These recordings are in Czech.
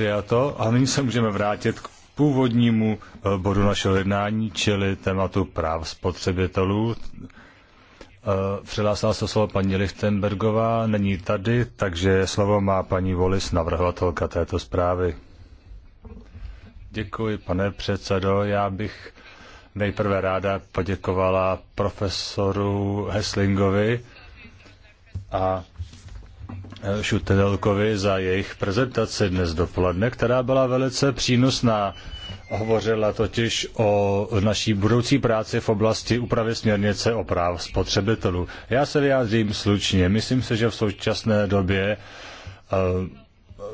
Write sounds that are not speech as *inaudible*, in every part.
přijato a nyní se můžeme vrátit k původnímu eh, bodu našeho jednání, čili tématu práv spotřebitelů. Eh, přihlásila se slovo paní Lichtenbergová, není tady, takže slovo má paní Volis, navrhovatelka této zprávy. Děkuji, pane předsedo. Já bych nejprve ráda poděkovala profesoru Heslingovi a Šutedelkovi za jejich prezentaci dnes dopoledne, která byla velice přínosná. Hovořila totiž o naší budoucí práci v oblasti úpravy směrnice o práv spotřebitelů. Já se vyjádřím slučně. Myslím si, že v současné době eh,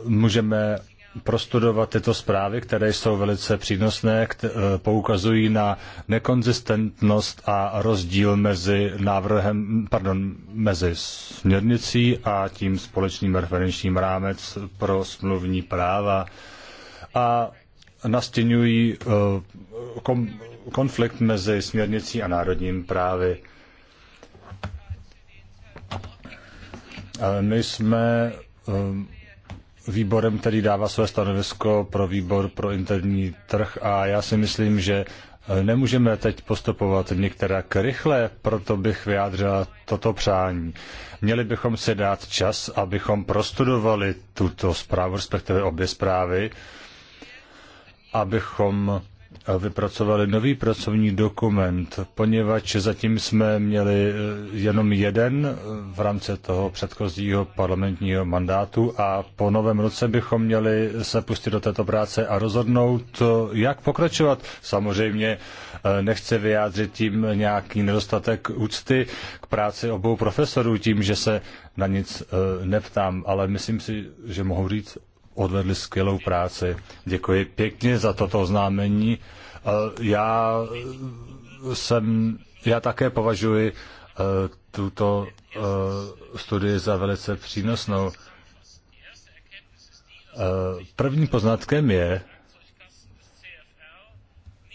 můžeme prostudovat tyto zprávy, které jsou velice přínosné, eh, poukazují na nekonzistentnost a rozdíl mezi návrhem, pardon, mezi směrnicí a tím společným referenčním rámec pro smluvní práva a nastěňují eh, konflikt mezi směrnicí a národním právy. Eh, my jsme výborem, který dává své stanovisko pro výbor pro interní trh a já si myslím, že eh, nemůžeme teď postupovat některá rychle, proto bych vyjádřila toto přání. Měli bychom si dát čas, abychom prostudovali tuto zprávu, respektive obě zprávy, abychom vypracovali nový pracovní dokument, poněvadž zatím jsme měli eh, jenom jeden eh, v rámci toho předchozího parlamentního mandátu a po novém roce bychom měli se pustit do této práce a rozhodnout, eh, jak pokračovat. Samozřejmě nechci vyjádřit tím nějaký nedostatek úcty k práci obou profesorů tím, že se na nic neptám, ale myslím si, že mohu říct odvedli skvělou práci. Děkuji pěkně za toto oznámení. E, já jsem, já také považuji e, tuto e, studii za velice přínosnou. Prvním poznatkem je,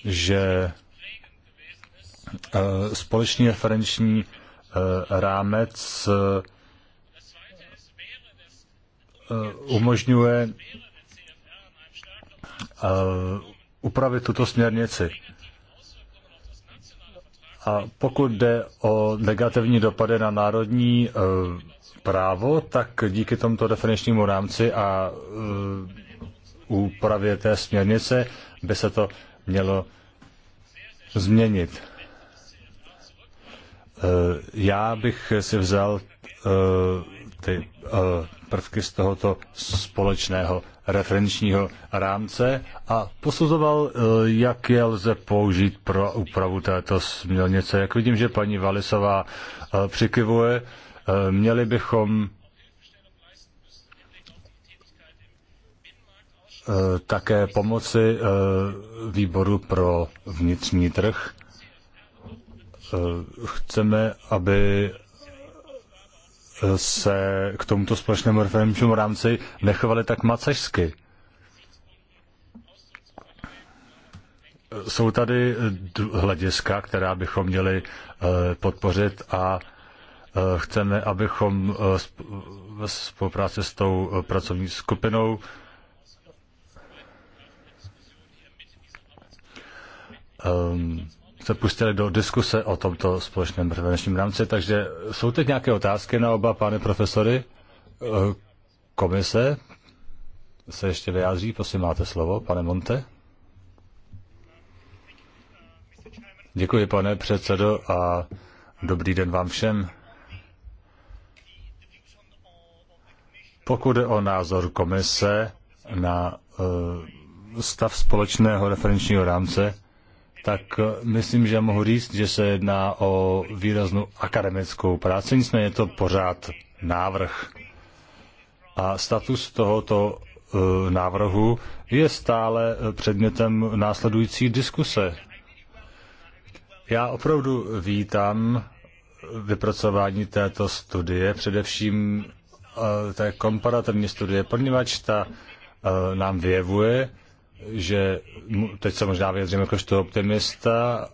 že společný referenční rámec Eh, umožňuje eh, upravit tuto směrnici. A pokud jde o negativní dopady na národní eh, právo, tak díky tomuto definičnímu rámci a úpravě té směrnice by se to mělo změnit. Já bych si vzal ty eh, prvky z tohoto společného referenčního rámce a posuzoval, eh, jak je lze použít pro úpravu této směrnice. Jak vidím, že paní Valisová eh, přikivuje, měli bychom také pomoci výboru pro vnitřní trh. Chceme, aby se k tomuto společnému referenčnímu rámci nechovali tak macežsky. Jsou tady hlediska, která bychom měli eh, podpořit a eh, chceme, abychom eh, ve spolupráci s tou pracovní skupinou um, se pustili do diskuse o tomto společném prevenčním rámci. Takže jsou teď nějaké otázky na oba pány profesory? Eh, komise se ještě vyjádří, prosím, máte slovo, pane Monte. Děkuji, pane předsedo, a dobrý den vám všem. Pokud je o názor komise na eh, stav společného referenčního rámce, tak eh, myslím, že mohu říct, že se jedná o výraznou akademickou práci, nicméně je to pořád návrh. A status tohoto eh, návrhu je stále eh, předmětem následující diskuse. Já opravdu vítám vypracování této studie, především té komparativní studie, poněvadž ta nám vyjevuje, že teď se možná vyjadřím jakožto optimista,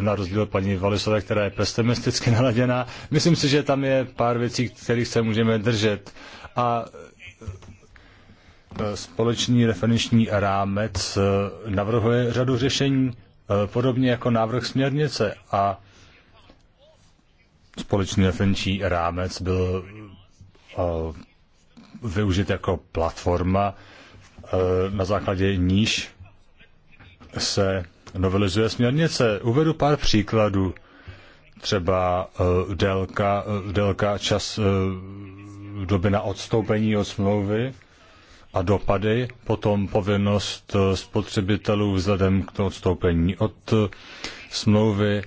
na rozdíl od paní Valisové, která je pesimisticky *laughs* naladěná. Myslím si, že tam je pár věcí, kterých se můžeme držet. A e, společný referenční rámec e, navrhuje řadu řešení, e, podobně jako návrh směrnice. A společný referenční rámec byl využit jako platforma Eh, na základě níž se novelizuje směrnice. Uvedu pár příkladů. Třeba eh, délka, eh, délka čas doby na odstoupení od smlouvy a dopady, potom povinnost spotřebitelů vzhledem k tomu odstoupení od smlouvy,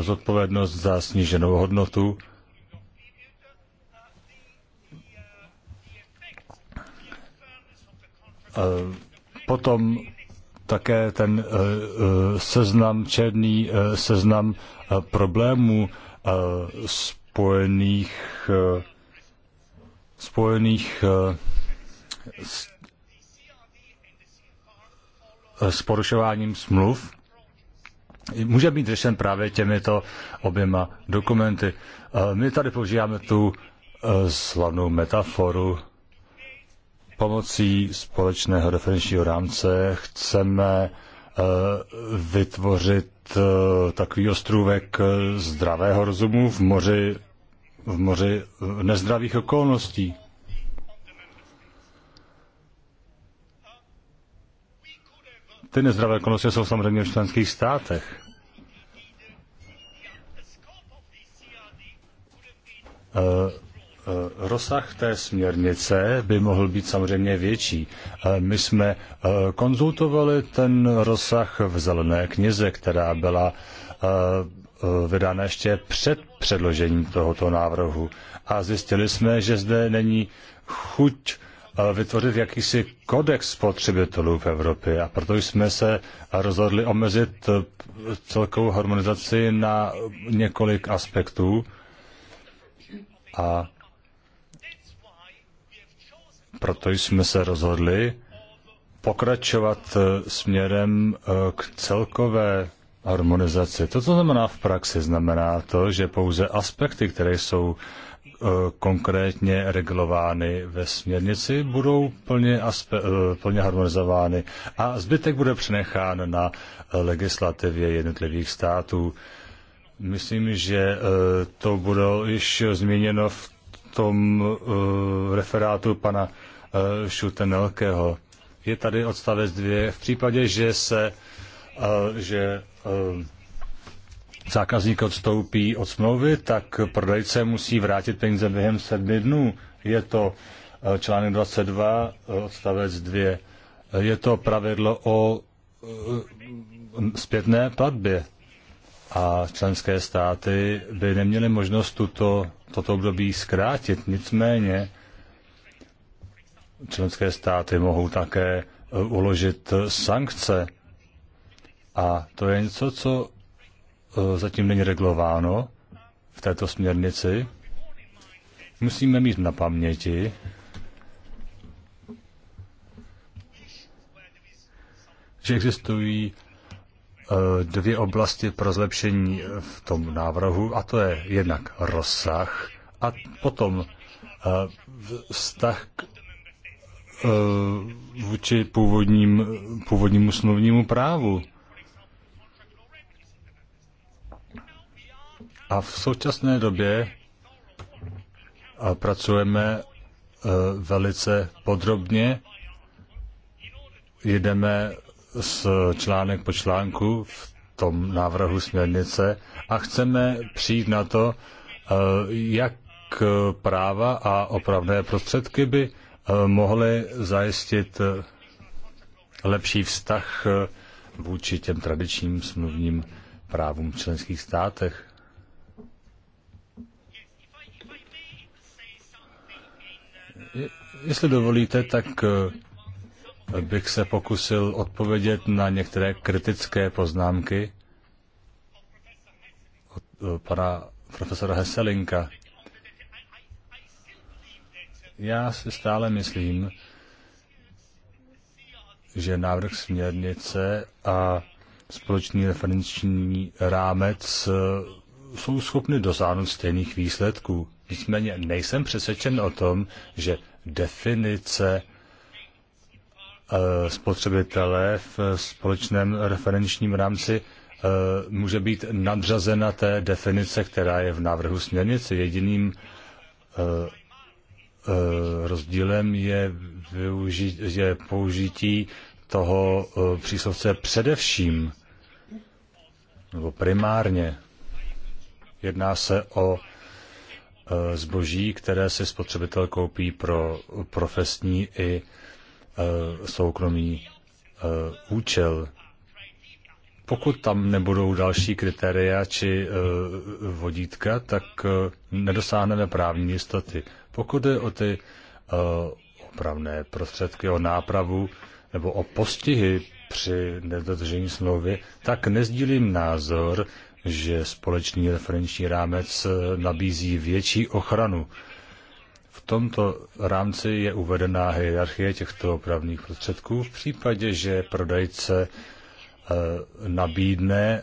zodpovědnost za sníženou hodnotu Eh, potom také ten eh, eh, seznam, černý seznam problémů spojených, spojených s, s porušováním smluv může být řešen právě těmito oběma dokumenty. My tady používáme tu slavnou metaforu Pomocí společného referenčního rámce chceme eh, vytvořit eh, takový ostrůvek zdravého rozumu v moři, v moři eh, nezdravých okolností. Ty nezdravé okolnosti jsou samozřejmě v členských státech. Uh, Eh, rozsah té směrnice by mohl být samozřejmě větší. Eh, my jsme eh, konzultovali ten rozsah v zelené knize, která byla vydána ještě před předložením tohoto návrhu. A zjistili jsme, že zde není chuť vytvořit jakýsi kodex spotřebitelů v Evropě a proto jsme se rozhodli omezit celkovou harmonizaci na několik aspektů a proto jsme se rozhodli pokračovat eh, směrem eh, k celkové harmonizaci. To, co znamená v praxi, znamená to, že pouze aspekty, které jsou eh, konkrétně regulovány ve směrnici, budou plně, aspe- plně harmonizovány a zbytek bude přenechán na legislativě jednotlivých států. Myslím, že to bylo již změněno v tom referátu pana Eh, Šutenelkého. Je tady odstavec 2. V případě, že se eh, že eh, zákazník odstoupí od smlouvy, tak prodejce musí vrátit peníze během sedmi dnů. Je to článek 22, odstavec 2. Je to pravidlo o zpětné platbě. A členské státy by neměly možnost tuto, toto období zkrátit. Nicméně Členské státy mohou také e, uložit e, sankce. A to je něco, co e, zatím není reglováno v této směrnici. Musíme mít na paměti, že existují dvě oblasti pro zlepšení v tom návrhu, a to je jednak rozsah a potom vztah k Eh, vůči původním, původnímu smluvnímu právu. A v současné době pracujeme eh, velice podrobně, jdeme s článek po článku v tom návrhu směrnice a chceme přijít na to, eh, jak práva a opravné prostředky by Eh, mohli zajistit eh, lepší vztah eh, vůči těm tradičním smluvním právům v členských státech. Jestli dovolíte, tak bych se pokusil odpovědět na některé kritické poznámky od pana profesora Heselinka. Já si stále myslím, že návrh směrnice a společný referenční rámec eh, jsou schopny dosáhnout stejných výsledků. Nicméně nejsem přesvědčen o tom, že definice eh, spotřebitele v společném referenčním rámci eh, může být nadřazena té definice, která je v návrhu směrnice. Jediným Eh, rozdílem je, využít, je použití toho eh, příslovce především nebo primárně. Jedná se o eh, zboží, které si spotřebitel koupí pro profesní i soukromý účel. Pokud tam nebudou další kritéria či vodítka, tak nedosáhneme právní jistoty. Pokud jde o ty eh, opravné prostředky, o nápravu nebo o postihy při nedodržení smlouvy, tak nezdílím názor, že společný referenční rámec eh, nabízí větší ochranu. V tomto rámci je uvedená hierarchie těchto opravných prostředků v případě, že prodejce eh, nabídne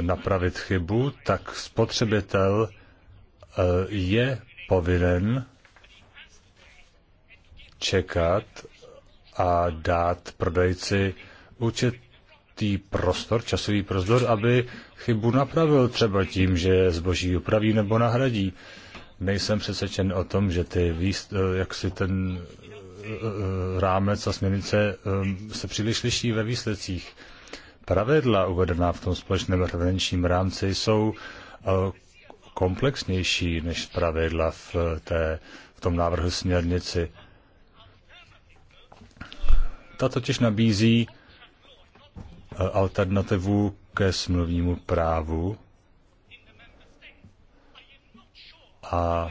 napravit chybu, tak spotřebitel je povinen čekat a dát prodejci určitý prostor, časový prostor, aby chybu napravil třeba tím, že zboží upraví nebo nahradí. Nejsem přesvědčen o tom, že ty výst, eh, jak si ten eh, eh, rámec a směrnice se příliš liší ve výsledcích. Pravidla uvedená v tom společném referenčním rámci jsou komplexnější než pravidla v, té, v tom návrhu směrnici. Ta totiž nabízí eh, alternativu ke smluvnímu právu a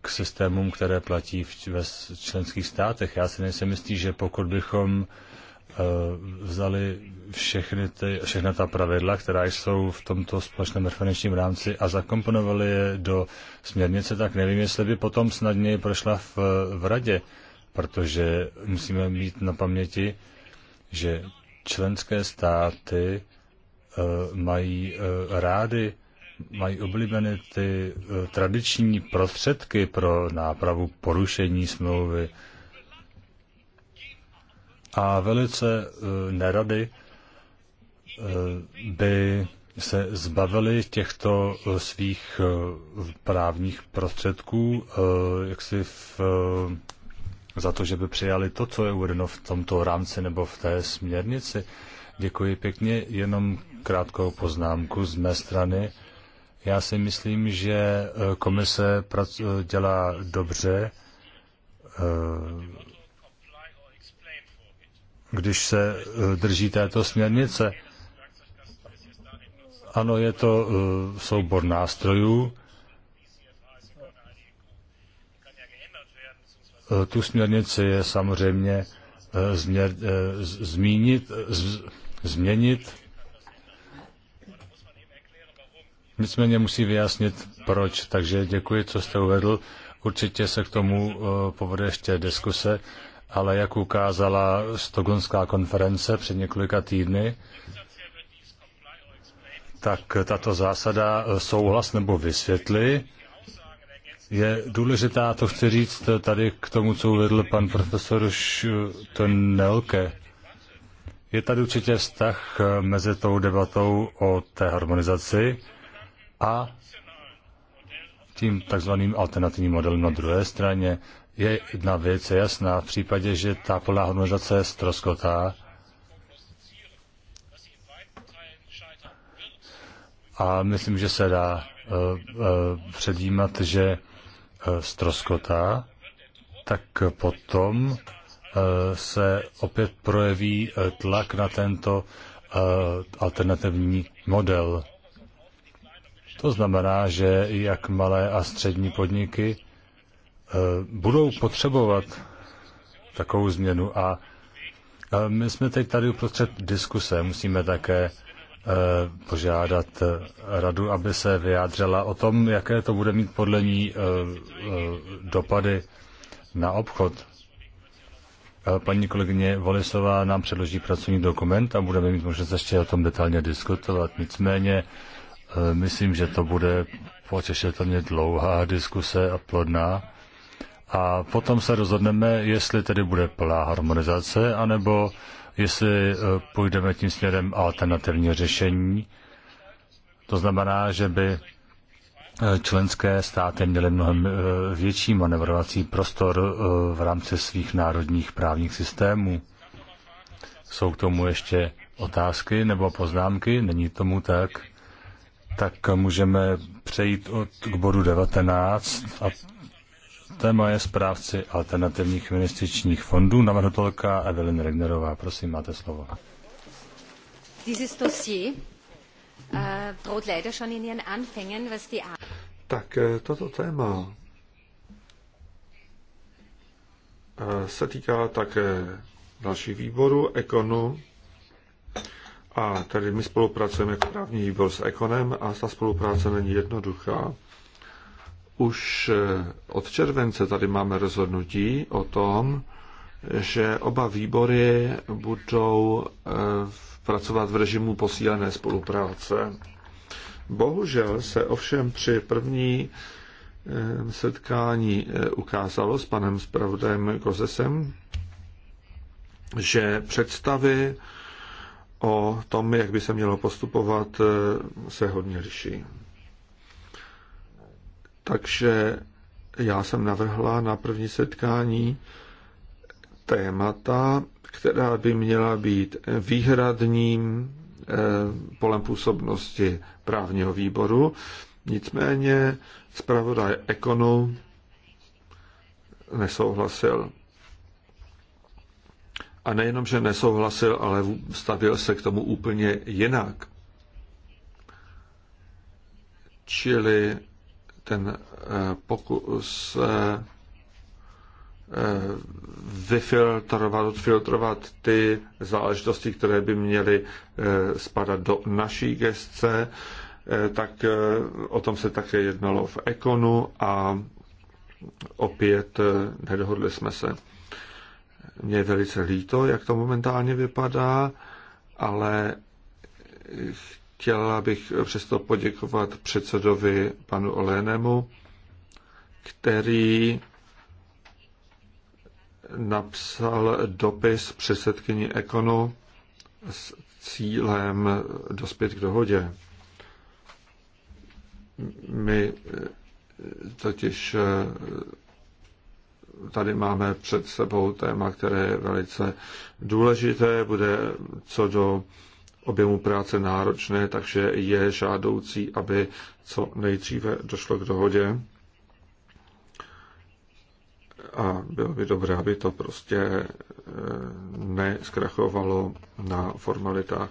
k systémům, které platí v, ve členských státech. Já si nejsem jistý, že pokud bychom uh, Eh, vzali všechny ty, všechna ta pravidla, která jsou v tomto společném referenčním rámci a zakomponovali je do směrnice, tak nevím, jestli by potom snadněji prošla v, v radě, protože musíme mít na paměti, že členské státy uh, mají uh, rády, mají oblíbené ty uh, tradiční prostředky pro nápravu porušení smlouvy, uh, a velice eh, nerady eh, by se zbavili těchto eh, svých právních prostředků, jaksi v, za to, že by přijali to, co je uvedeno v tomto rámci nebo v té směrnici. Děkuji pěkně. Jenom krátkou poznámku z mé strany. Já si myslím, že komise dělá dobře když se eh, drží této směrnice. Ano, je to eh, soubor nástrojů. Eh, tu směrnici je samozřejmě změr, zmínit, z, změnit. Nicméně musí vyjasnit, proč. Takže děkuji, co jste uvedl. Určitě se k tomu povede ještě diskuse ale jak ukázala Stogonská konference před několika týdny, tak tato zásada eh, souhlas nebo vysvětli je důležitá, to chci říct tady k tomu, co uvedl pan profesor Nelke. Je tady určitě vztah eh, mezi tou debatou o té harmonizaci a tím takzvaným alternativním modelem na druhé straně je jedna věc je jasná. V případě, že ta plná harmonizace ztroskotá, a myslím, že se dá uh, uh, předjímat, že uh, eh, stroskotá, tak potom uh, se opět projeví uh, tlak na tento uh, alternativní model. To znamená, že jak malé a střední podniky, Eh, budou potřebovat takovou změnu a my jsme teď tady uprostřed diskuse. Musíme také eh, požádat eh, radu, aby se vyjádřila o tom, jaké to bude mít podle ní dopady na obchod. Paní kolegyně Volisová nám předloží pracovní dokument a budeme mít možnost ještě o tom detailně diskutovat. Nicméně myslím, že to bude potěšitelně dlouhá diskuse a plodná a potom se rozhodneme, jestli tedy bude plná harmonizace, anebo jestli e, půjdeme tím směrem alternativní řešení. To znamená, že by e, členské státy měly mnohem e, větší manevrovací prostor v rámci svých národních právních systémů. Jsou k tomu ještě otázky nebo poznámky? Není tomu tak? Tak můžeme přejít od, k bodu 19 a téma je zprávci alternativních investičních fondů, Navrhnutelka Evelyn Regnerová. Prosím, máte slovo. Äh, tak äh, toto téma äh, se týká také dalších výborů, ekonu, a tady my spolupracujeme jako právní výbor s ekonem a ta spolupráce není jednoduchá. Už eh, od července tady máme rozhodnutí o tom, že oba výbory budou eh, pracovat v režimu posílené spolupráce. Bohužel se ovšem při první eh, setkání ukázalo s panem zpravodajem Kozesem, že představy o tom, jak by se mělo postupovat, se hodně liší. Takže já jsem navrhla na první setkání témata, která by měla být výhradním eh, polem působnosti právního výboru. Nicméně zpravodaj Ekonu nesouhlasil. A nejenom, že nesouhlasil, ale stavil se k tomu úplně jinak. Čili ten eh, pokus eh, vyfiltrovat, odfiltrovat ty záležitosti, které by měly eh, spadat do naší gestce, tak o tom se také jednalo v Ekonu a opět nedohodli jsme se. Mně je velice líto, jak to momentálně vypadá, ale Chtěla bych přesto poděkovat předsedovi panu Olénemu, který napsal dopis předsedkyni Ekonu s cílem dospět k dohodě. My totiž tady máme před sebou téma, které je velice důležité, bude co do objemu práce náročné, takže je žádoucí, aby co nejdříve došlo k dohodě. A bylo by dobré, aby to prostě eh, neskrachovalo na formalitách.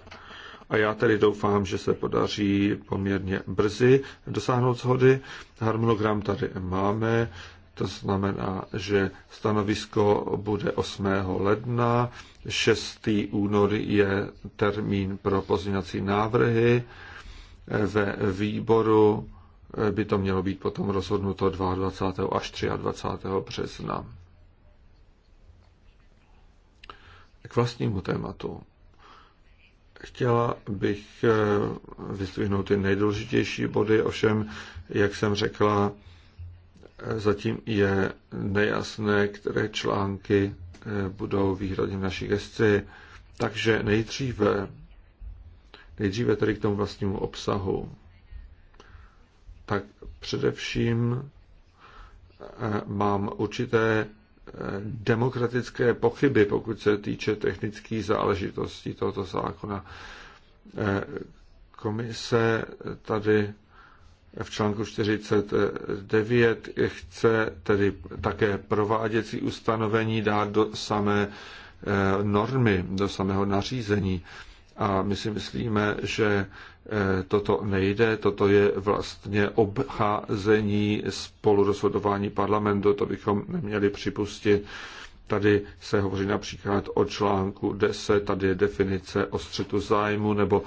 A já tedy doufám, že se podaří poměrně brzy dosáhnout shody. Harmonogram tady máme. To znamená, že stanovisko bude 8. ledna, 6. únor je termín pro pozměňovací návrhy. Ve výboru by to mělo být potom rozhodnuto 22. až 23. března. K vlastnímu tématu. Chtěla bych eh, vyzdvihnout ty nejdůležitější body, ovšem, jak jsem řekla, zatím je nejasné, které články eh, budou výhradně v naší gesci. Takže nejdříve, nejdříve tedy k tomu vlastnímu obsahu. Tak především eh, mám určité eh, demokratické pochyby, pokud se týče technických záležitostí tohoto zákona. Komise tady v článku 49 chce tedy také prováděcí ustanovení dát do samé eh, normy, do samého nařízení. A my si myslíme, že eh, toto nejde, toto je vlastně obcházení spolurozhodování parlamentu, to bychom neměli připustit. Tady se hovoří například o článku 10, tady je definice o střetu zájmu nebo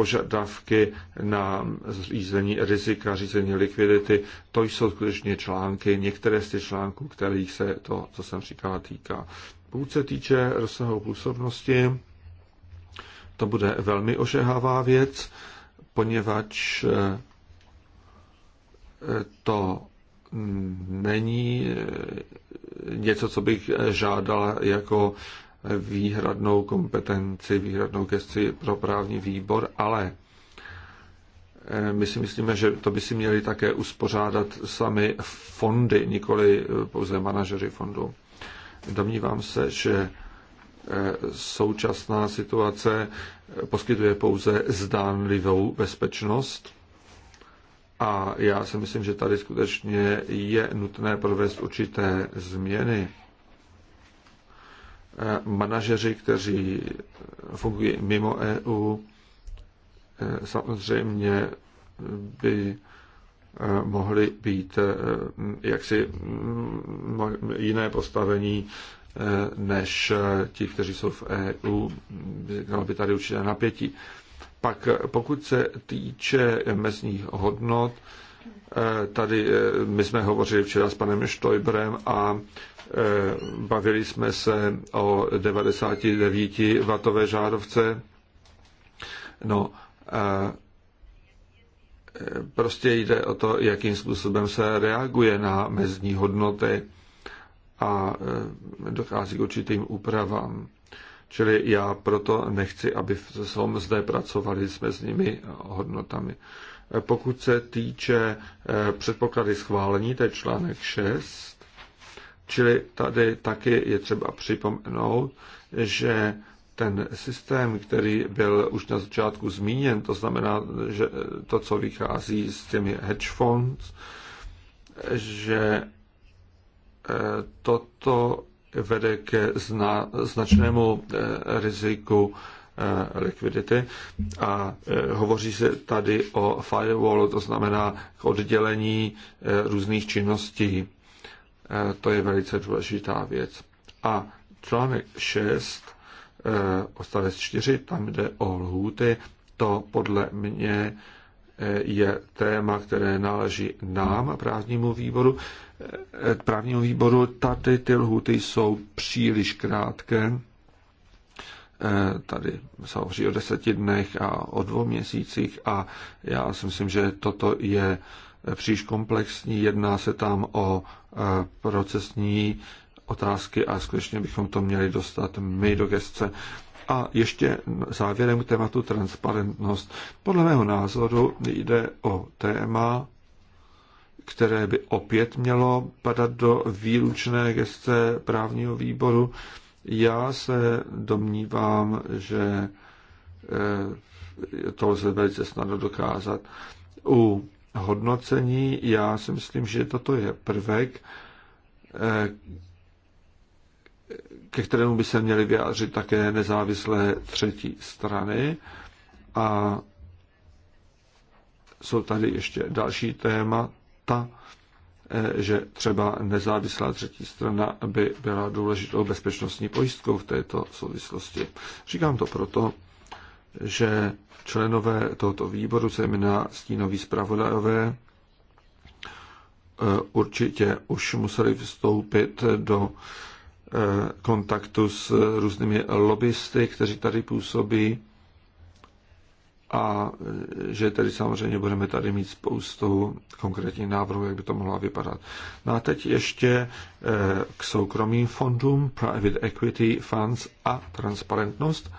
požadavky na řízení rizika, řízení likvidity. To jsou skutečně články, některé z těch článků, kterých se to, co jsem říkala, týká. Pokud se týče rozsahu působnosti, to bude velmi ožehavá věc, poněvadž eh, to není eh, něco, co bych eh, žádal jako výhradnou kompetenci, výhradnou gesci pro právní výbor, ale eh, my si myslíme, že to by si měli také uspořádat sami fondy, nikoli eh, pouze manažeři fondu. Domnívám se, že eh, současná situace poskytuje pouze zdánlivou bezpečnost a já si myslím, že tady skutečně je nutné provést určité změny. Eh, manažeři, kteří fungují mimo EU, eh, samozřejmě by eh, mohli být jaksi mm, jiné postavení než ti, kteří jsou v EU. Bylo by tady určité napětí. Pak pokud se týče mezních hodnot, Eh, tady eh, my jsme hovořili včera s panem Štojbrem a eh, bavili jsme se o 99 vatové žárovce. No, prostě jde o to, jakým způsobem se reaguje na mezní hodnoty a dochází k určitým úpravám. Čili já proto nechci, aby se zde pracovali s mezními hodnotami pokud se týče eh, předpoklady schválení, to je článek 6, čili tady taky je třeba připomenout, že ten systém, který byl už na začátku zmíněn, to znamená, že eh, to, co vychází s těmi hedge funds, že eh, toto vede ke značnému riziku Eh, likvidity a eh, hovoří se tady o firewallu, to znamená oddělení eh, různých činností. To je velice důležitá věc. A článek 6, odstavec 4, tam jde o lhůty, to podle mě je téma, které náleží nám, právnímu výboru. Právnímu výboru tady ty lhuty jsou příliš krátké Eh, tady se hovoří o deseti dnech a o dvou měsících a já si myslím, že toto je příliš komplexní. Jedná se tam o eh, procesní otázky a skutečně bychom to měli dostat my do gestce. A ještě závěrem k tématu transparentnost. Podle mého názoru jde o téma, které by opět mělo padat do výlučné gestce právního výboru já se domnívám, že eh, to lze velice snadno dokázat. U hodnocení já si myslím, že toto je prvek, eh, ke kterému by se měly vyjádřit také nezávislé třetí strany. A jsou tady ještě další témata, Eh, že třeba nezávislá třetí strana by byla důležitou bezpečnostní pojistkou v této souvislosti. Říkám to proto, že členové tohoto výboru, zejména stínoví zpravodajové, eh, určitě už museli vstoupit do eh, kontaktu s různými lobbysty, kteří tady působí a e, že tedy samozřejmě budeme tady mít spoustu konkrétních návrhů, jak by to mohlo vypadat. No a teď ještě e, k soukromým fondům, private equity funds a transparentnost.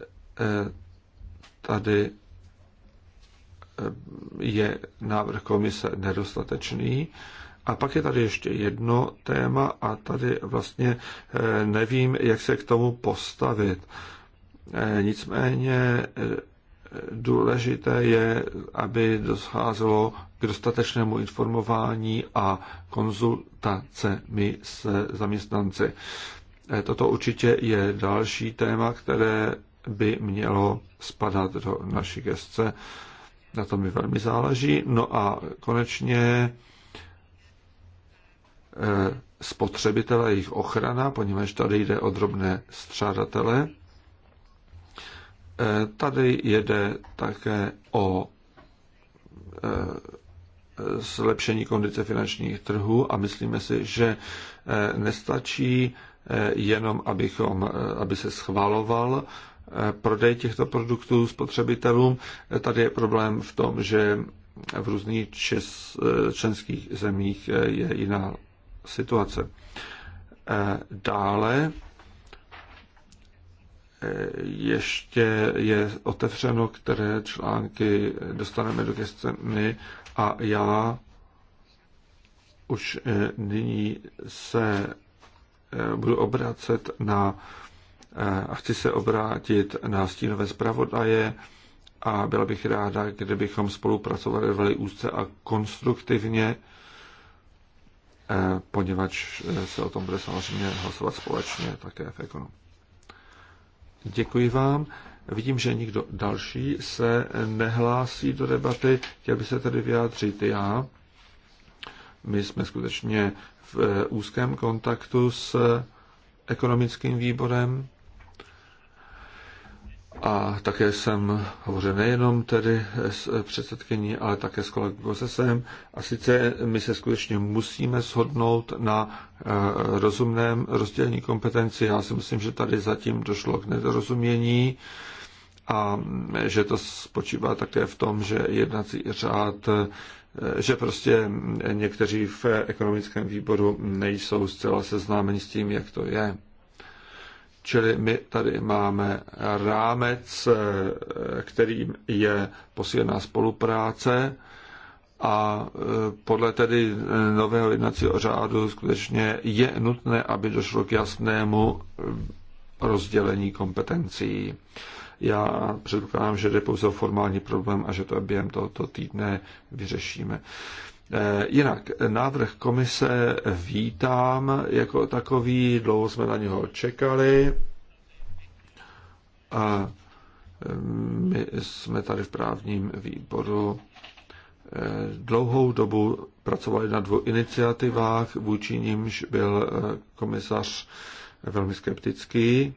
E, tady je návrh komise nedostatečný. A pak je tady ještě jedno téma a tady vlastně nevím, jak se k tomu postavit Eh, nicméně eh, důležité je, aby doscházelo k dostatečnému informování a konzultacemi s zaměstnanci. Eh, toto určitě je další téma, které by mělo spadat do naší gestce. Na to mi velmi záleží. No a konečně spotřebitele, jejich ochrana, poněvadž tady jde o drobné střádatele, Tady jede také o eh, zlepšení kondice finančních trhů a myslíme si, že eh, nestačí eh, jenom, abychom, aby se schvaloval prodej těchto produktů spotřebitelům. Tady je problém v tom, že v různých členských zemích je jiná situace. Dále ještě je otevřeno, které články dostaneme do gestce my a já už eh, nyní se eh, budu obracet na eh, a chci se obrátit na stínové zpravodaje a byla bych ráda, kdybychom spolupracovali velmi úzce a konstruktivně, poněvadž se o tom bude samozřejmě hlasovat společně také v ekonomii. Děkuji vám. Vidím, že nikdo další se nehlásí do debaty. Chtěl by se tedy vyjádřit já. My jsme skutečně v eh, úzkém kontaktu s ekonomickým výborem a také jsem hovořil nejenom tedy s předsedkyní, ale také s kolegou Sesem. A sice my se skutečně musíme shodnout na eh, rozumném rozdělení kompetenci. Já si myslím, že tady zatím došlo k nedorozumění a mm, že to spočívá také v tom, že jednací řád eh, že prostě někteří v ekonomickém výboru nejsou zcela seznámeni s tím, jak to je. Čili my tady máme rámec, eh, kterým je posílená spolupráce a eh, podle tedy eh, nového jednacího řádu skutečně je nutné, aby došlo k jasnému rozdělení kompetencí. Já předpokládám, že jde pouze o formální problém a že to během tohoto týdne vyřešíme. Eh, jinak návrh komise vítám jako takový, dlouho jsme na něho čekali. A eh, my jsme tady v právním výboru eh, dlouhou dobu pracovali na dvou iniciativách, vůči nímž byl komisař velmi skeptický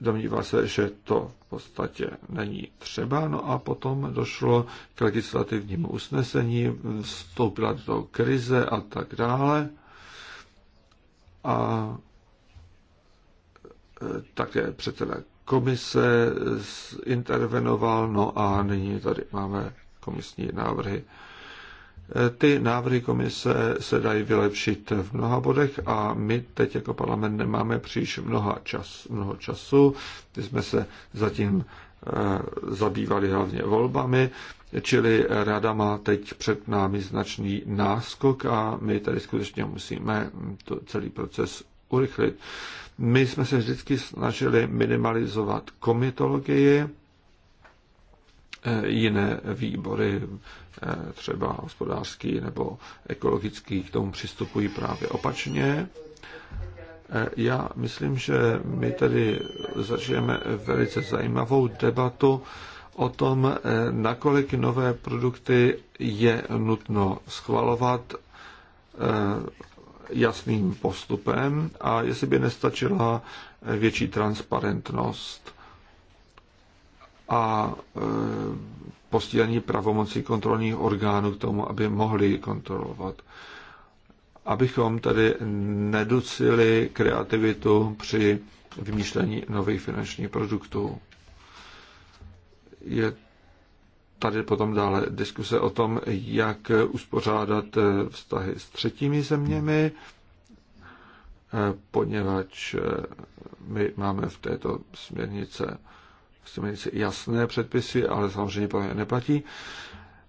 domnívá se, že to v podstatě není třeba. No a potom došlo k legislativnímu usnesení, vstoupila do krize a tak dále. A e, také předseda komise intervenoval, no a nyní tady máme komisní návrhy. Ty návrhy komise se dají vylepšit v mnoha bodech a my teď jako parlament nemáme příliš mnoha čas, mnoho času. My jsme se zatím eh, zabývali hlavně volbami, čili rada má teď před námi značný náskok a my tady skutečně musíme to celý proces urychlit. My jsme se vždycky snažili minimalizovat komitologii, jiné výbory, eh, třeba hospodářský nebo ekologický, k tomu přistupují právě opačně. Eh, já myslím, že my tady zažijeme velice zajímavou debatu o tom, eh, nakolik nové produkty je nutno schvalovat jasným postupem a jestli by nestačila větší transparentnost a e, posílení pravomocí kontrolních orgánů k tomu, aby mohli kontrolovat. Abychom tady neducili kreativitu při vymýšlení nových finančních produktů. Je tady potom dále diskuse o tom, jak uspořádat e, vztahy s třetími zeměmi, e, poněvadž my máme v této směrnice chceme jasné předpisy, ale samozřejmě pro ně neplatí.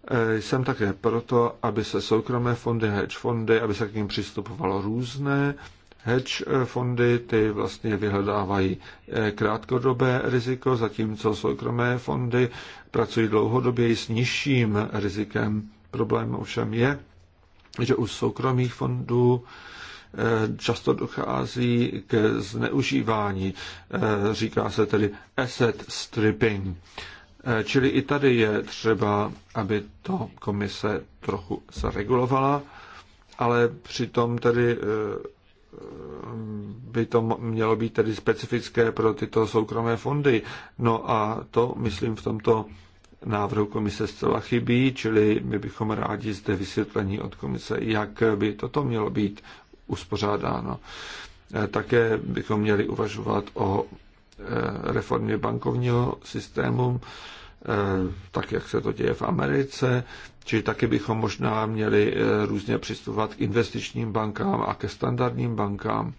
E, jsem také proto, aby se soukromé fondy, hedge fondy, aby se k ním přistupovalo různé. Hedge e, fondy ty vlastně vyhledávají e, krátkodobé riziko, zatímco soukromé fondy pracují dlouhodobě s nižším rizikem. Problém ovšem je, že u soukromých fondů Eh, často dochází k zneužívání. Eh, říká se tedy asset stripping. Eh, čili i tady je třeba, aby to komise trochu zaregulovala, ale přitom tedy by to mělo být tedy specifické pro tyto soukromé fondy. No a to, myslím, v tomto návrhu komise zcela chybí, čili my bychom rádi zde vysvětlení od komise, jak by toto mělo být uspořádáno. Eh, také bychom měli uvažovat o eh, reformě bankovního systému, eh, tak jak se to děje v Americe, čili taky bychom možná měli různě přistupovat k investičním bankám a ke standardním bankám.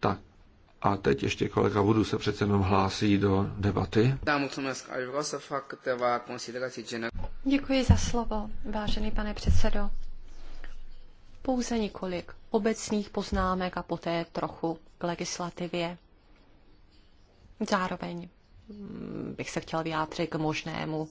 Tak a teď ještě kolega Vudu se přece jenom hlásí do debaty. Děkuji za slovo, vážený pane předsedo pouze několik obecných poznámek a poté trochu k legislativě. Zároveň mm, bych se chtěl vyjádřit k možnému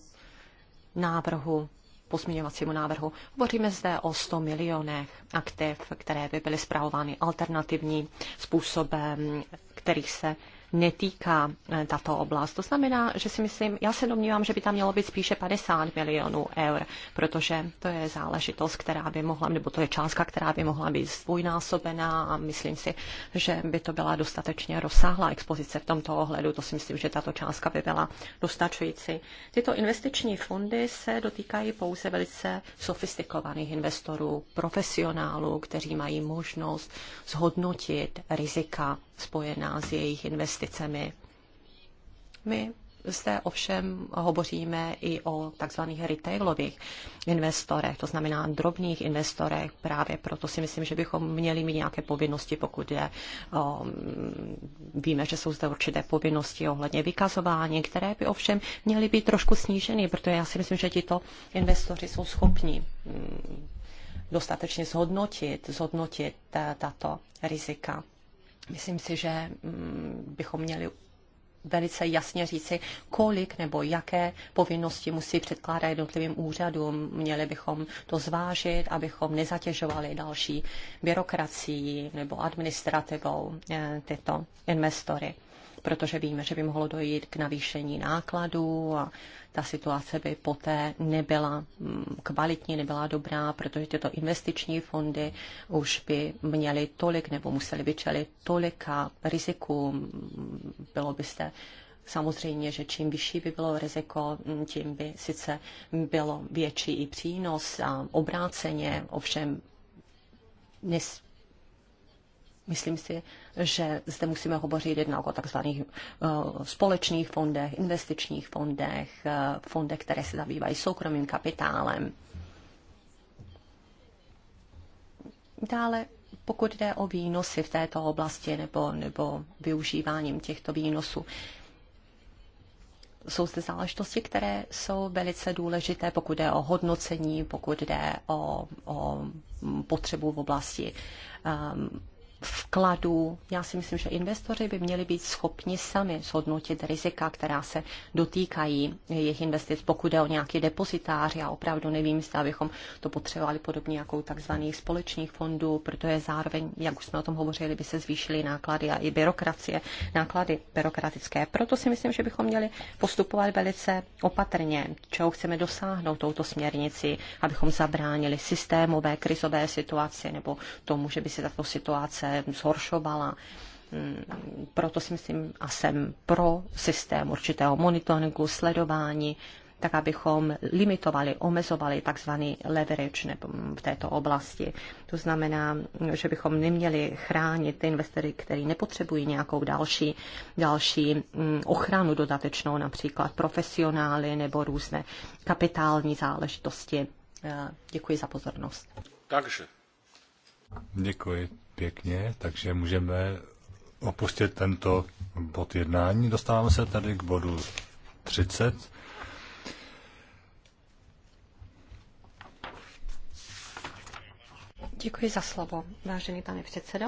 návrhu, pozměňovacímu návrhu. Hovoříme zde o 100 milionech aktiv, které by byly zpravovány alternativním způsobem, kterých se netýká eh, tato oblast. To znamená, že si myslím, já se domnívám, že by tam mělo být spíše 50 milionů eur, protože to je záležitost, která by mohla, nebo to je částka, která by mohla být zdvojnásobená a myslím si, že by to byla dostatečně rozsáhlá expozice v tomto ohledu. To si myslím, že tato částka by byla dostačující. Tyto investiční fondy se dotýkají pouze velice sofistikovaných investorů, profesionálů, kteří mají možnost zhodnotit rizika spojená s jejich investicemi. My zde ovšem hovoříme i o takzvaných retailových investorech, to znamená drobných investorech. Právě proto si myslím, že bychom měli mít nějaké povinnosti, pokud je, um, víme, že jsou zde určité povinnosti ohledně vykazování, které by ovšem měly být trošku sníženy, protože já si myslím, že tito investoři jsou schopni mm, dostatečně zhodnotit, zhodnotit eh, tato rizika. Myslím si, že mm, bychom měli velice jasně říci, kolik nebo jaké povinnosti musí předkládat jednotlivým úřadům. Měli bychom to zvážit, abychom nezatěžovali další byrokracií nebo administrativou eh, tyto investory protože víme, že by mohlo dojít k navýšení nákladů a ta situace by poté nebyla mm, kvalitní, nebyla dobrá, protože tyto investiční fondy už by měly tolik nebo museli by čelit tolika rizikům. Bylo by se Samozřejmě, že čím vyšší by bylo riziko, tím by sice bylo větší i přínos a obráceně, ovšem nes, Myslím si, že zde musíme hovořit jednak o takzvaných eh, společných fondech, investičních fondech, eh, fondech, které se zabývají soukromým kapitálem. Dále, pokud jde o výnosy v této oblasti nebo, nebo využíváním těchto výnosů, jsou zde záležitosti, které jsou velice důležité, pokud jde o hodnocení, pokud jde o, o potřebu v oblasti um, vkladů. Já si myslím, že investoři by měli být schopni sami zhodnotit rizika, která se dotýkají jejich investic, pokud je o nějaký depozitář. Já opravdu nevím, zda bychom to potřebovali podobně jako u takzvaných společných fondů, protože zároveň, jak už jsme o tom hovořili, by se zvýšily náklady a i byrokracie, náklady byrokratické. Proto si myslím, že bychom měli postupovat velice opatrně, čeho chceme dosáhnout touto směrnici, abychom zabránili systémové krizové situaci nebo tomu, že by se tato situace zhoršovala. Mm, proto si myslím a jsem pro systém určitého monitoringu, sledování, tak abychom limitovali, omezovali takzvaný leverage v této oblasti. To znamená, že bychom neměli chránit ty investory, kteří nepotřebují nějakou další, další mm, ochranu dodatečnou, například profesionály nebo různé kapitální záležitosti. Děkuji za pozornost. Takže. Děkuji pěkně, takže můžeme opustit tento bod jednání. Dostáváme se tady k bodu 30. Děkuji za slovo, vážený pane předsedo.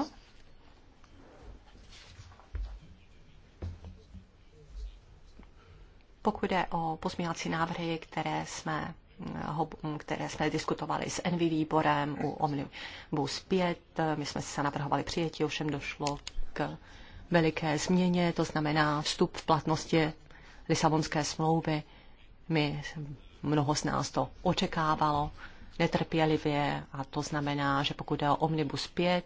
Pokud jde o pozměňovací návrhy, které jsme které jsme diskutovali s Envy výborem u Omnibus 5. My jsme se navrhovali přijetí, ovšem došlo k veliké změně, to znamená vstup v platnosti Lisabonské smlouvy. My, mnoho z nás to očekávalo netrpělivě a to znamená, že pokud je o Omnibus 5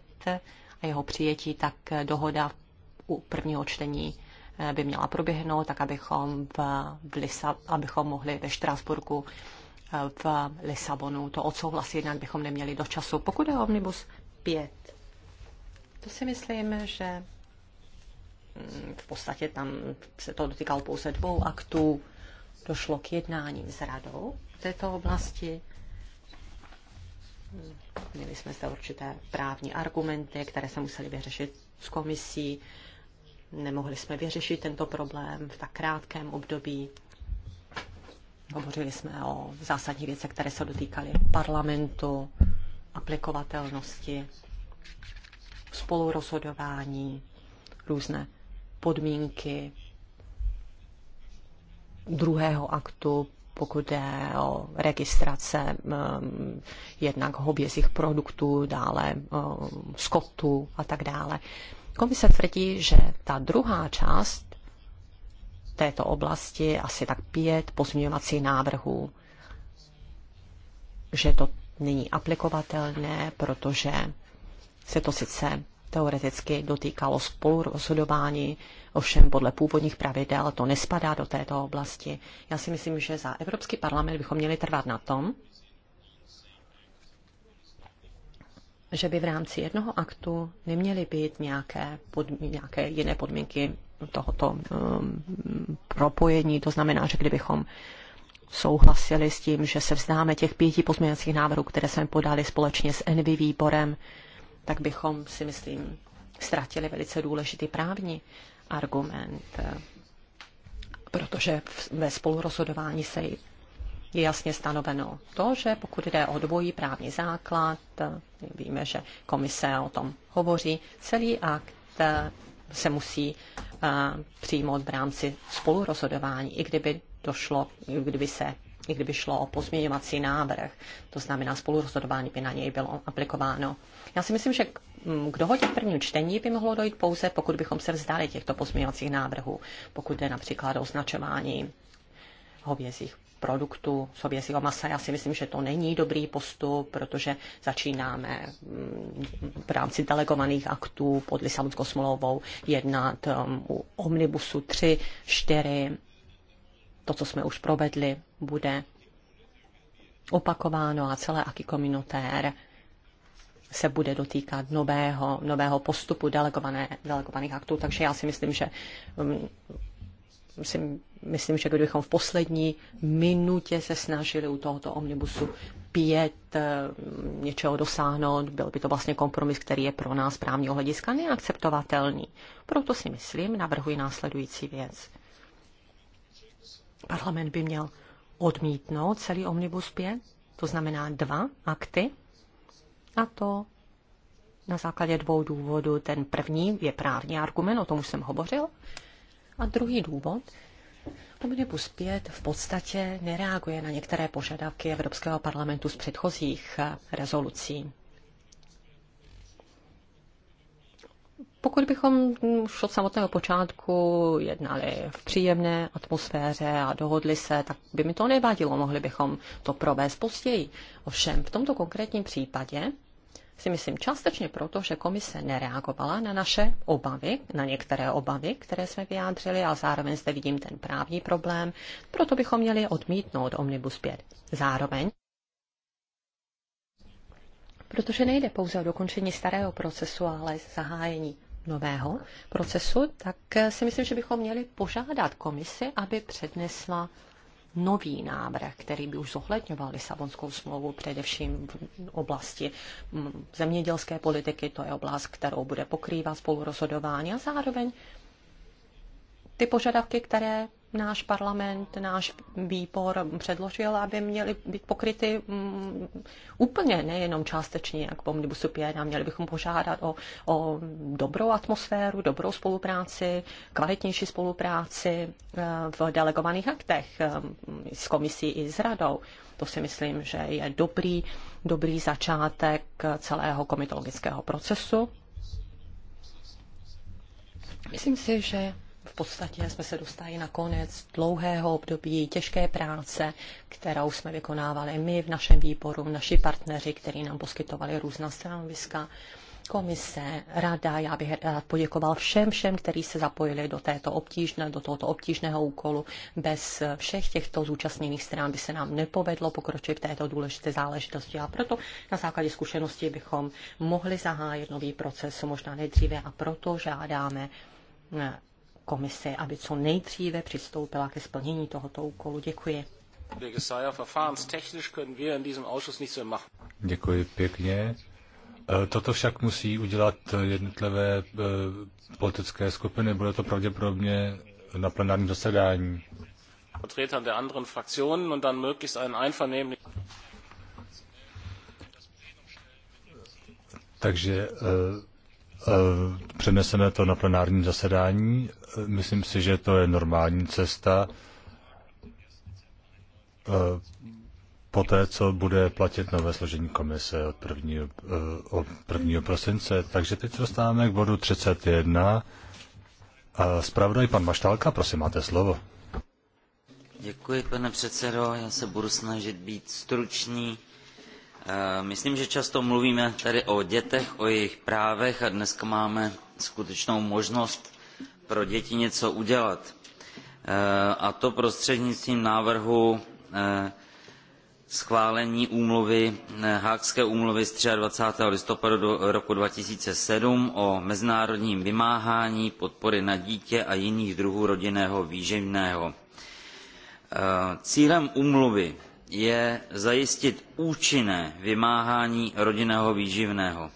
a jeho přijetí, tak dohoda u prvního čtení eh, by měla proběhnout, tak abychom, v, v Lisa, abychom mohli ve Štrásburku v Lisabonu to odsouhlasí, jinak bychom neměli do času. Pokud je Omnibus 5, to si myslím, že mm, v podstatě tam se to dotýkalo pouze dvou aktů. Došlo k jednáním s radou v této oblasti. Měli jsme zde určité právní argumenty, které se museli vyřešit s komisí. Nemohli jsme vyřešit tento problém v tak krátkém období. Hovořili jsme o zásadních věcech, které se dotýkaly parlamentu, aplikovatelnosti, spolurozhodování, různé podmínky druhého aktu, pokud jde o registrace um, jednak hobězích produktů, dále um, skotu a tak dále. Komise tvrdí, že ta druhá část této oblasti asi tak pět pozměňovacích návrhů, že to není aplikovatelné, protože se to sice teoreticky dotýkalo spolurozhodování, ovšem podle původních pravidel to nespadá do této oblasti. Já si myslím, že za Evropský parlament bychom měli trvat na tom, že by v rámci jednoho aktu neměly být nějaké, podmín, nějaké jiné podmínky tohoto um, propojení. To znamená, že kdybychom souhlasili s tím, že se vzdáme těch pěti pozměňovacích návrhů, které jsme podali společně s NV výborem, tak bychom si myslím ztratili velice důležitý právní argument, protože ve spolurozhodování se je jasně stanoveno to, že pokud jde o dvojí právní základ, víme, že komise o tom hovoří, celý akt se musí eh, přijmout v rámci spolurozhodování, i kdyby došlo, kdyby se i kdyby šlo o pozměňovací návrh, to znamená spolurozhodování by na něj bylo aplikováno. Já si myslím, že mm, k dohodě v prvním čtení by mohlo dojít pouze, pokud bychom se vzdali těchto pozměňovacích návrhů, pokud jde například o označování hovězích produktu soběsího masa. Já si myslím, že to není dobrý postup, protože začínáme mm, v rámci delegovaných aktů pod Lisabonskou smlouvou jednat um, u Omnibusu 3, 4. To, co jsme už provedli, bude opakováno a celé aky komunitér se bude dotýkat nového, nového postupu delegované, delegovaných aktů, takže já si myslím, že um, si myslím, že kdybychom v poslední minutě se snažili u tohoto omnibusu pět eh, něčeho dosáhnout, byl by to vlastně kompromis, který je pro nás právního hlediska neakceptovatelný. Proto si myslím, navrhuji následující věc. Parlament by měl odmítnout celý omnibus 5, to znamená dva akty, a to na základě dvou důvodů. Ten první je právní argument, o tom už jsem hovořil, a druhý důvod, Omnibus 5 v podstatě nereaguje na některé požadavky Evropského parlamentu z předchozích eh, rezolucí. Pokud bychom už od samotného počátku jednali v příjemné atmosféře a dohodli se, tak by mi to nevadilo, mohli bychom to provést později. Ovšem, v tomto konkrétním případě si myslím částečně proto, že komise nereagovala na naše obavy, na některé obavy, které jsme vyjádřili, a zároveň zde vidím ten právní problém, proto bychom měli odmítnout Omnibus 5. Zároveň Protože nejde pouze o dokončení starého procesu, ale zahájení nového procesu, tak si myslím, že bychom měli požádat komisi, aby přednesla nový návrh, který by už zohledňoval Lisabonskou smlouvu, především v oblasti mm, zemědělské politiky, to je oblast, kterou bude pokrývat spolurozhodování a zároveň ty požadavky, které náš parlament, náš výbor předložil, aby měly být pokryty mm, úplně, nejenom částečně, jak po mnibusu 5, a měli bychom požádat o, o dobrou atmosféru, dobrou spolupráci, kvalitnější spolupráci eh, v delegovaných aktech eh, s komisí i s radou. To si myslím, že je dobrý, dobrý začátek celého komitologického procesu. Myslím si, že v podstatě jsme se dostali na konec dlouhého období těžké práce, kterou jsme vykonávali my v našem výboru, naši partneři, kteří nám poskytovali různá stanoviska, komise, rada. Já bych rád poděkoval všem, všem, kteří se zapojili do, této obtížné, do tohoto obtížného úkolu. Bez všech těchto zúčastněných stran by se nám nepovedlo pokročit v této důležité záležitosti a proto na základě zkušenosti bychom mohli zahájit nový proces možná nejdříve a proto žádáme Komise, aby co nejdříve přistoupila ke splnění tohoto úkolu. Děkuji. Děkuji pěkně. E, toto však musí udělat jednotlivé e, politické skupiny. Bude to pravděpodobně na plenárním zasedání. Takže e, Eh, přeneseme to na plenárním zasedání. Eh, myslím si, že to je normální cesta. Eh, poté, co bude platit nové složení komise od 1. Od 1. prosince. Takže teď se dostáváme k bodu 31. Spravodaj pan Maštálka, prosím, máte slovo. Děkuji, pane předsedo. Já se budu snažit být stručný Eh, myslím, že často mluvíme tady o dětech, o jejich právech a dneska máme skutečnou možnost pro děti něco udělat. Eh, a to prostřednictvím návrhu eh, schválení úmluvy, Hákské úmluvy z 23. listopadu roku 2007 o mezinárodním vymáhání podpory na dítě a jiných druhů rodinného výživného. Cílem úmluvy je zajistit účinné vymáhání rodinného výživného.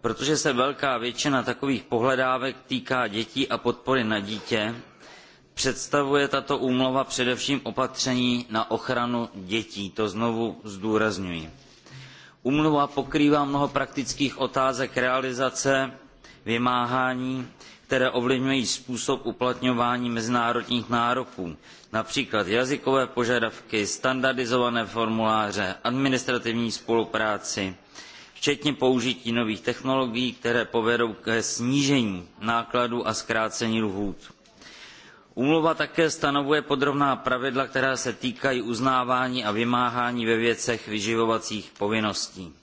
Protože se velká většina takových pohledávek týká dětí a podpory na dítě, představuje tato úmluva především opatření na ochranu dětí. To znovu zdůrazňuji. Úmluva pokrývá mnoho praktických otázek realizace, vymáhání, které ovlivňují způsob uplatňování mezinárodních nároků například jazykové požadavky standardizované formuláře administrativní spolupráci včetně použití nových technologií které povedou ke snížení nákladů a zkrácení lhůt. úmluva také stanovuje podrobná pravidla která se týkají uznávání a vymáhání ve věcech vyživovacích povinností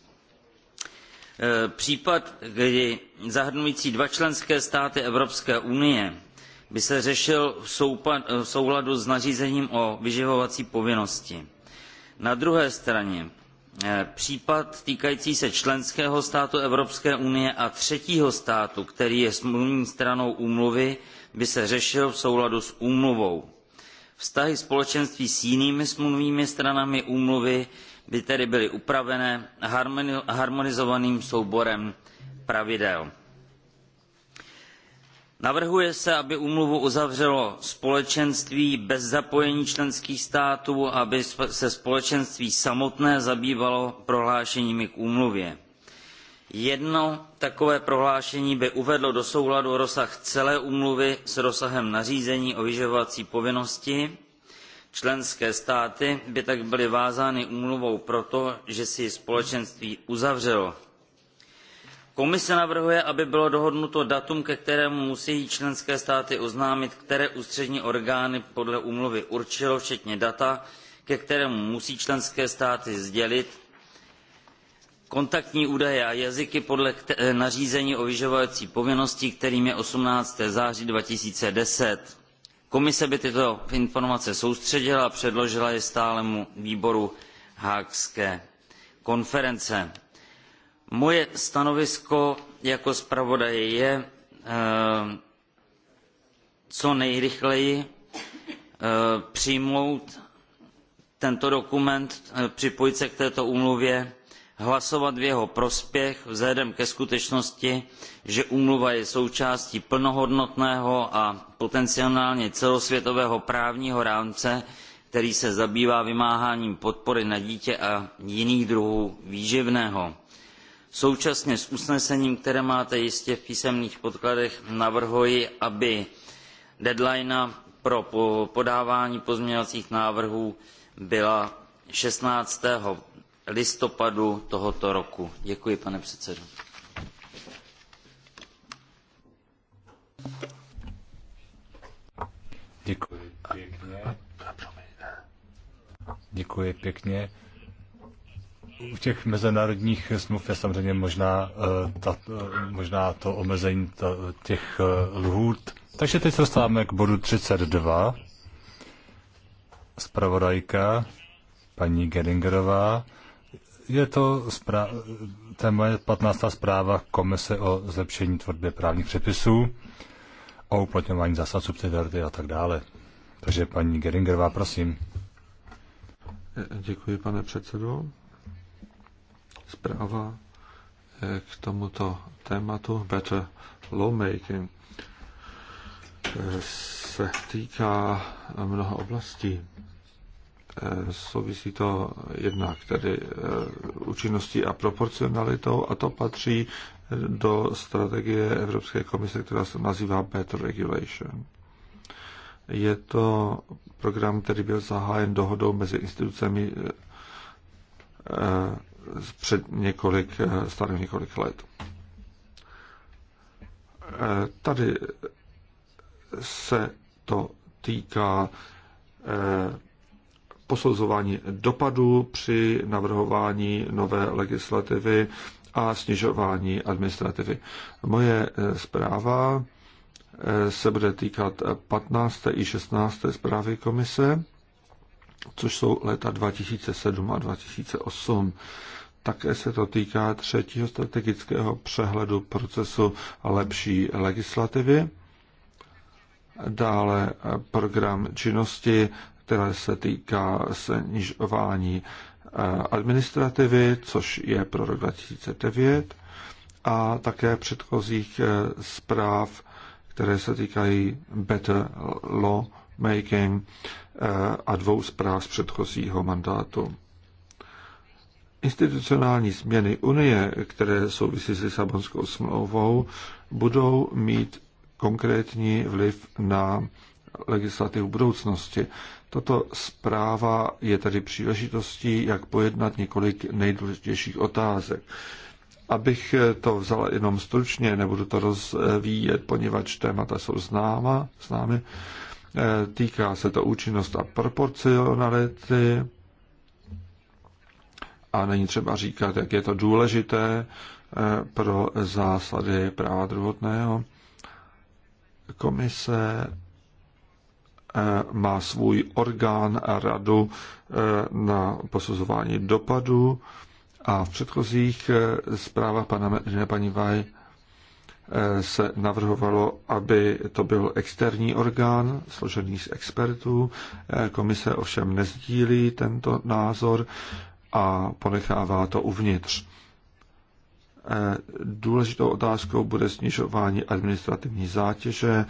Eh, případ kdy zahrnující dva členské státy evropské unie by se řešil v eh, souladu s nařízením o vyživovací povinnosti. na druhé straně eh, případ týkající se členského státu evropské unie a třetího státu který je smluvní stranou úmluvy by se řešil v souladu s úmluvou. vztahy společenství s jinými smluvními stranami úmluvy by tedy byly upravené harmonizovaným souborem pravidel. navrhuje se aby úmluvu uzavřelo společenství bez zapojení členských států a aby se společenství samotné zabývalo prohlášeními k úmluvě. jedno takové prohlášení by uvedlo do souladu rozsah celé úmluvy s rozsahem nařízení o vyživovací povinnosti Členské státy by tak byly vázány úmluvou proto, že si ji společenství uzavřelo. Komise navrhuje, aby bylo dohodnuto datum, ke kterému musí členské státy oznámit, které ústřední orgány podle úmluvy určilo, včetně data, ke kterému musí členské státy sdělit kontaktní údaje a jazyky podle nařízení o vyživovací povinnosti, kterým je 18. září 2010 komise by tyto informace soustředila a předložila je stálému výboru haagské konference. moje stanovisko jako zpravodaje je eh, co nejrychleji eh, přijmout tento dokument eh, připojit se k této úmluvě hlasovat v jeho prospěch vzhledem ke skutečnosti že úmluva je součástí plnohodnotného a potenciálně celosvětového právního rámce který se zabývá vymáháním podpory na dítě a jiných druhů výživného. současně s usnesením které máte jistě v písemných podkladech navrhuji aby deadline pro podávání pozměňovacích návrhů byla 16 listopadu tohoto roku. Děkuji, pane předsedo. Děkuji pěkně. Děkuji pěkně. U těch mezinárodních smluv je samozřejmě možná, eh, ta, eh, možná to omezení ta, těch eh, lhůt. Takže teď se dostáváme k bodu 32. Spravodajka paní Geringerová je to zpráv, téma je 15. zpráva Komise o zlepšení tvorby právních předpisů, o uplatňování zásad subsidiarity a tak dále. Takže paní Geringerová, prosím. Děkuji, pane předsedo. Zpráva eh, k tomuto tématu Better Lawmaking eh, se týká mnoha oblastí souvisí to jednak tedy eh, účinností a proporcionalitou a to patří do strategie Evropské komise, která se nazývá Better Regulation. Je to program, který byl zahájen dohodou mezi institucemi eh, před několik, eh, starých několik let. Tady se to týká posouzování dopadů při navrhování nové legislativy a snižování administrativy. Moje eh, zpráva eh, se bude týkat 15. i 16. zprávy komise, což jsou leta 2007 a 2008. Také se to týká třetího strategického přehledu procesu lepší legislativy, dále eh, program činnosti které se týká snižování eh, administrativy, což je pro rok 2009, a také předchozích eh, zpráv, které se týkají better law making eh, a dvou zpráv z předchozího mandátu. Institucionální změny Unie, které souvisí s Lisabonskou smlouvou, budou mít konkrétní vliv na legislativu budoucnosti. Toto zpráva je tedy příležitostí, jak pojednat několik nejdůležitějších otázek. Abych to vzala jenom stručně, nebudu to rozvíjet, poněvadž témata jsou známa, známy. Eh, týká se to účinnost a proporcionality a není třeba říkat, jak je to důležité eh, pro zásady práva druhotného. Komise Eh, má svůj orgán a radu eh, na posuzování dopadu a v předchozích eh, zprávách pana Medrina paní Vaj se navrhovalo, aby to byl externí orgán složený z expertů. Komise ovšem nezdílí tento názor a ponechává to uvnitř. Důležitou otázkou bude snižování administrativní zátěže,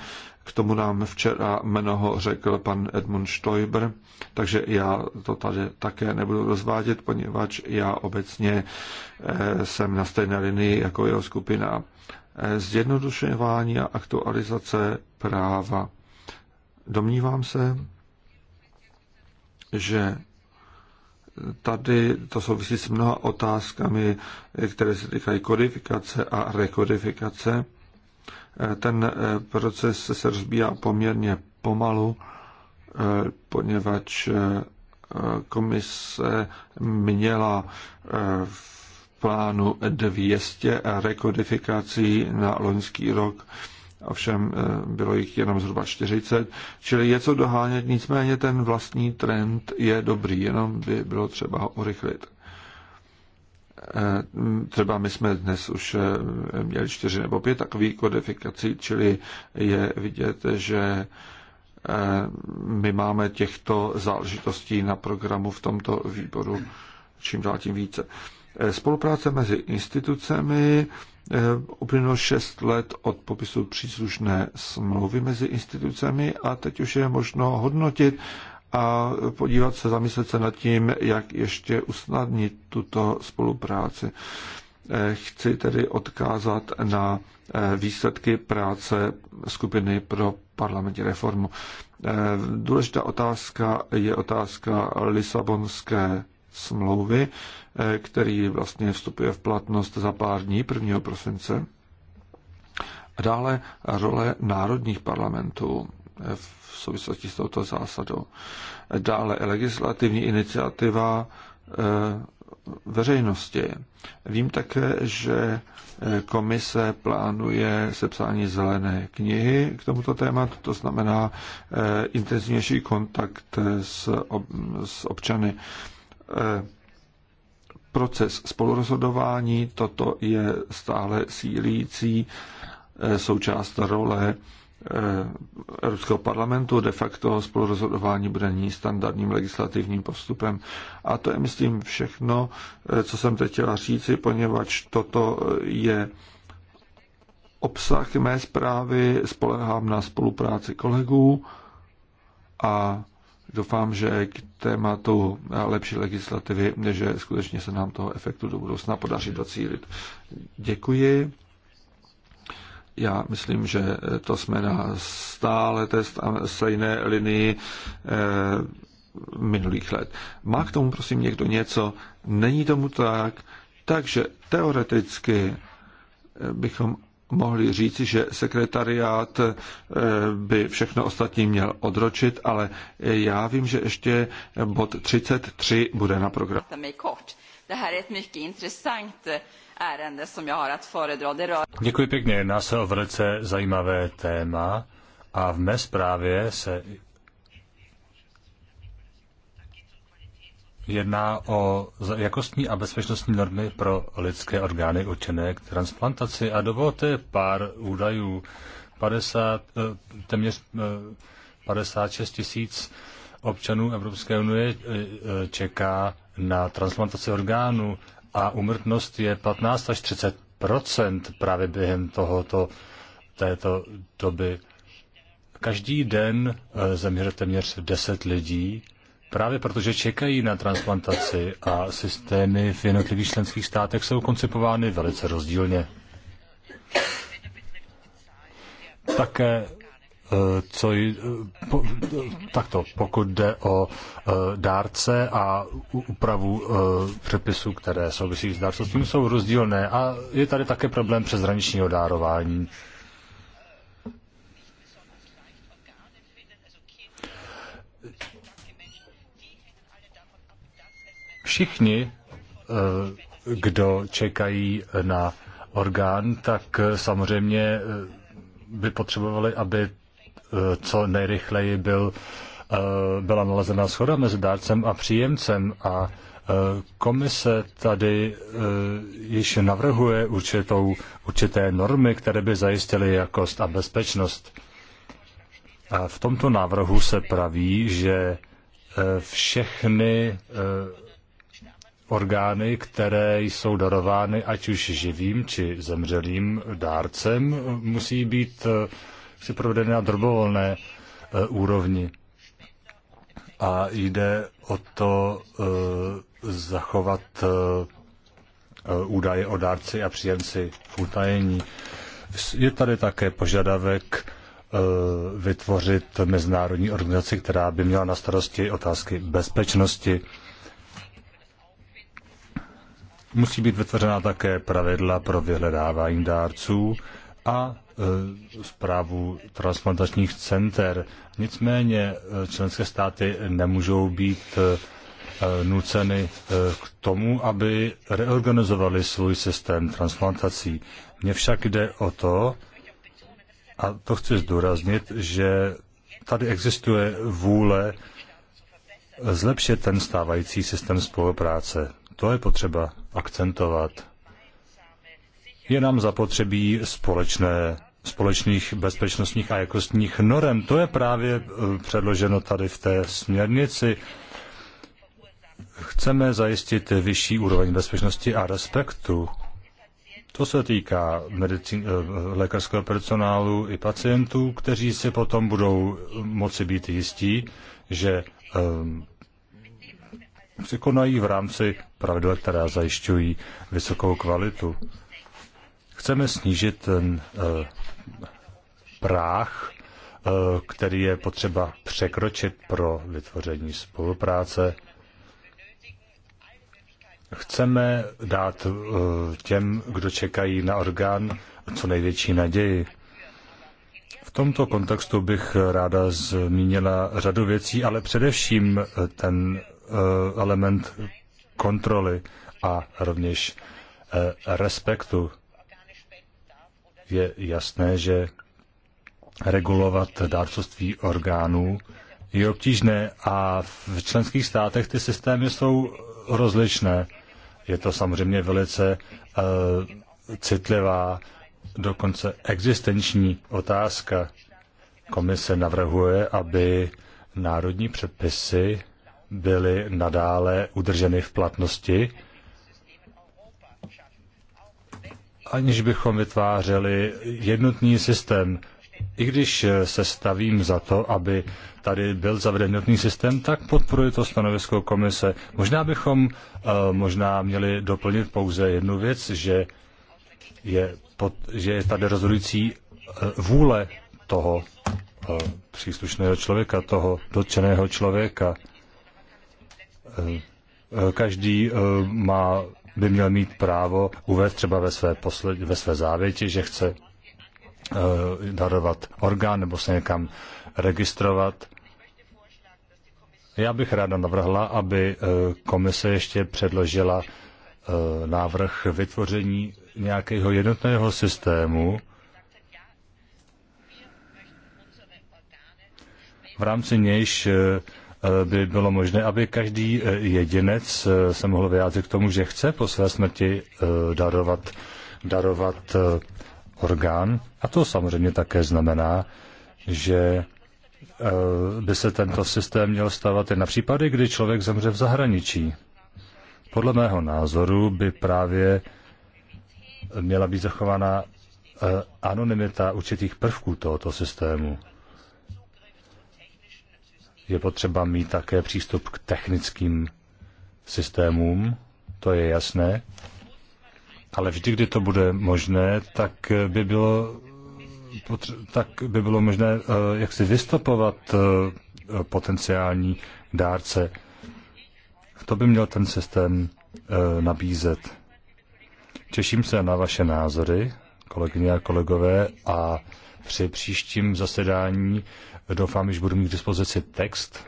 k tomu nám včera mnoho řekl pan Edmund Stoiber, takže já to tady také nebudu rozvádět, poněvadž já obecně eh, jsem na stejné linii jako jeho skupina. Eh, zjednodušování a aktualizace práva. Domnívám se, že tady to souvisí s mnoha otázkami, které se týkají kodifikace a rekodifikace Eh, ten eh, proces se rozbíjá poměrně pomalu, eh, poněvadž komise měla v plánu 200 rekodifikací na loňský rok, ovšem bylo jich jenom zhruba 40, čili je co dohánět, nicméně ten vlastní trend je dobrý, jenom by bylo třeba ho urychlit. Třeba my jsme dnes už eh, měli čtyři nebo pět takových kodifikací, čili je vidět, že eh, my máme těchto záležitostí na programu v tomto výboru čím dál tím více. Eh, spolupráce mezi institucemi uplynulo šest let od popisu příslušné smlouvy mezi institucemi a teď už je možno hodnotit, a podívat se, zamyslet se nad tím, jak ještě usnadnit tuto spolupráci. Eh, chci tedy odkázat na eh, výsledky práce skupiny pro parlamentní reformu. Eh, důležitá otázka je otázka Lisabonské smlouvy, který vlastně vstupuje v platnost za pár dní, 1. prosince. A dále role národních parlamentů v souvislosti s touto zásadou. Dále legislativní iniciativa eh, veřejnosti. Vím také, že eh, komise plánuje sepsání zelené knihy k tomuto tématu, to znamená eh, intenzivnější kontakt s, ob, s občany. Proces spolurozhodování, toto je stále sílící součást role Eh, Evropského parlamentu. De facto spolurozhodování bude ní standardním legislativním postupem. A to je, myslím, všechno, eh, co jsem teď chtěla říci, poněvadž toto eh, je obsah mé zprávy, spolehám na spolupráci kolegů a doufám, že k tématu lepší legislativy, že skutečně se nám toho efektu do budoucna podaří docílit. Děkuji. Já myslím, že to jsme na stále té stejné linii eh, minulých let. Má k tomu prosím někdo něco? Není tomu tak. Takže teoreticky eh, bychom mohli říci, že sekretariát eh, by všechno ostatní měl odročit, ale já vím, že ještě bod 33 bude na programu. Det här är ett mycket intressant eh, ärende som jag har att föredra. Det rör... Děkuji pěkně, jedná se o velice zajímavé téma a v mé zprávě se jedná o jakostní a bezpečnostní normy pro lidské orgány určené k transplantaci. A dovolte pár údajů. 50, eh, téměř 56 eh, tisíc občanů Evropské unie čeká na transplantaci orgánů a umrtnost je 15 až 30 právě během tohoto, této doby. Každý den eh, zemře téměř 10 lidí, právě protože čekají na transplantaci a systémy v jednotlivých členských státech jsou koncipovány velice rozdílně. Také co po, takto, pokud jde o e, dárce a úpravu e, přepisů, které souvisí s dárcovstvím, jsou rozdílné a je tady také problém přeshraničního dárování. Všichni, e, kdo čekají na orgán, tak samozřejmě by potřebovali, aby Eh, co nejrychleji byl, eh, byla nalezena schoda mezi dárcem a příjemcem a eh, Komise tady již navrhuje určitou, určité normy, které by zajistily jakost a bezpečnost. A v tomto návrhu se praví, že všechny orgány, které jsou darovány ať už živým či zemřelým dárcem, musí být je provedeny na drobovolné e, úrovni. A jde o to e, zachovat e, údaje o dárci a příjemci v utajení. Je tady také požadavek vytvořit mezinárodní organizaci, která by měla na starosti otázky bezpečnosti. Musí být vytvořena také pravidla pro vyhledávání dárců a e, zprávu transplantačních center. Nicméně e, členské státy nemůžou být e, nuceny k tomu, aby reorganizovali svůj systém transplantací. Mně však jde o to, a to chci zdůraznit, že tady existuje vůle zlepšit ten stávající systém spolupráce. To je potřeba akcentovat je nám zapotřebí společné, společných bezpečnostních a jakostních norem. To je právě eh, předloženo tady v té směrnici. Chceme zajistit vyšší úroveň bezpečnosti a respektu. To se týká medicín, eh, lékařského personálu i pacientů, kteří si potom budou moci být jistí, že um, eh, se konají v rámci pravidel, která zajišťují vysokou kvalitu. Chceme snížit ten eh, práh, eh, který je potřeba překročit pro vytvoření spolupráce. Chceme dát eh, těm, kdo čekají na orgán, co největší naději. V tomto kontextu bych ráda zmínila řadu věcí, ale především ten element kontroly a rovněž respektu je jasné, že regulovat dárcovství orgánů je obtížné a v členských státech ty systémy jsou rozličné. Je to samozřejmě velice uh, citlivá, dokonce existenční otázka. Komise navrhuje, aby národní předpisy byly nadále udrženy v platnosti, aniž bychom vytvářeli jednotný systém. I když se stavím za to, aby tady byl zaveden jednotný systém, tak podporuji to stanovisko komise. Možná bychom eh, možná měli doplnit pouze jednu věc, že je, pod, že je tady rozhodující eh, vůle toho eh, příslušného člověka, toho dotčeného člověka. Každý má by měl mít právo uvést třeba ve své, posled, ve své závěti, že chce uh, darovat orgán nebo se někam registrovat. Já bych ráda navrhla, aby uh, komise ještě předložila uh, návrh vytvoření nějakého jednotného systému, v rámci nějž uh, by bylo možné, aby každý eh, jedinec eh, se mohl vyjádřit k tomu, že chce po své smrti eh, darovat, darovat orgán. A to samozřejmě také znamená, že by se tento systém měl stávat i na případy, kdy člověk zemře v zahraničí. Podle mého názoru by právě měla být zachována anonymita určitých prvků tohoto systému. Je potřeba mít také přístup k technickým systémům, to je jasné. Ale vždy, kdy to bude možné, tak by bylo, tak by bylo možné eh, jak si vystopovat eh, potenciální dárce. To by měl ten systém eh, nabízet. Těším se na vaše názory, kolegyně a kolegové, a při příštím zasedání doufám, že budu mít k dispozici text.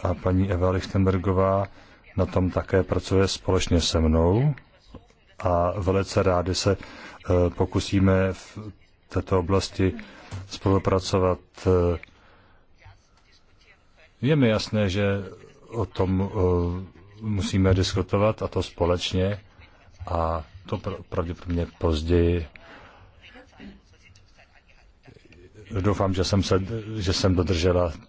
A paní Eva Lichtenbergová na tom také pracuje společně se mnou a velice rádi se eh, pokusíme v této oblasti spolupracovat. Eh, je mi jasné, že o tom eh, musíme diskutovat a to společně a to pravděpodobně později doufám, že jsem, se, že jsem dodržela